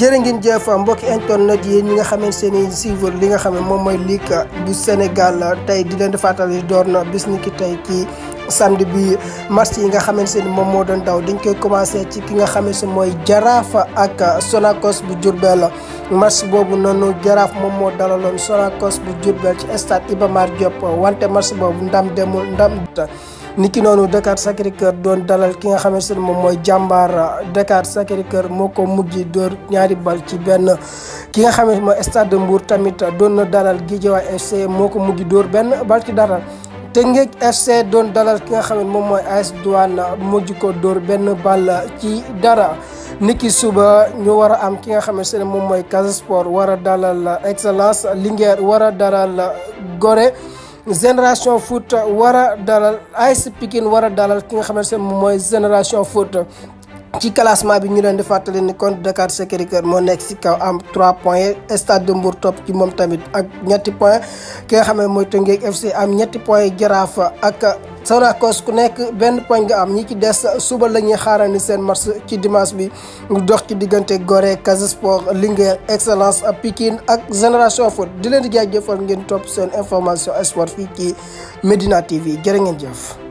jërë ngeen jëf mbokki internet yéen ñi nga xamee seeni suivre li nga xam ne moom mooy liik bu Sénégal tey di leen di fàttali door na bis tey ci sand bi match yi nga xamante ne moom moo doon daw dañ koy commencé ci ki nga xamante si mooy jaraafa ak Sonacos bu Diourbel match boobu noonu Jaraaf moom moo dalaloon Sonacos bu Diourbel ci stade Iba Mar Diop wante match boobu ndam demul ndam. niki noonu Dakar Sacré doon dalal ki nga xamante ne moom mooy jàmbar Dakar Sacré moo ko mujj dóor ñaari bal ci benn ki nga xamante mooy Stade Mbour tamit doon na dalal Guédiawaye FC moo ko mujj dóor benn bal ci dara Teungueth FC doon dalal ki nga xam ne moom mooy AS Douane mujj ko dóor benn bal ci dara niki suba ñu war a am ki nga xamante ne moom mooy Casa Sport war a dalal Excellence Linguère war a dalal Gorée génération foot war a dalal AS Pikine war a dalal ki nga xamante ne moom mooy génération foot. ci classement bi ñu leen di fàttali ni kon Dakar Sacré-Cœur moo nekk si kaw am trois points Stade de Mbour topp ci moom tamit ak ñetti points ki nga xam ne mooy Teungueth FC am ñetti points jaraafa ak. Sonacos ku nekk benn poñ nga am ñi ci des suba la ñuy ni seen match ci dimanche bi mu dox ci diggante gore Casa Sport Linguère Excellence Pikine ak Génération Foot di leen di jaajëfal ngeen topp seen information sport fii ci médinative yi jërë ngeen jëf.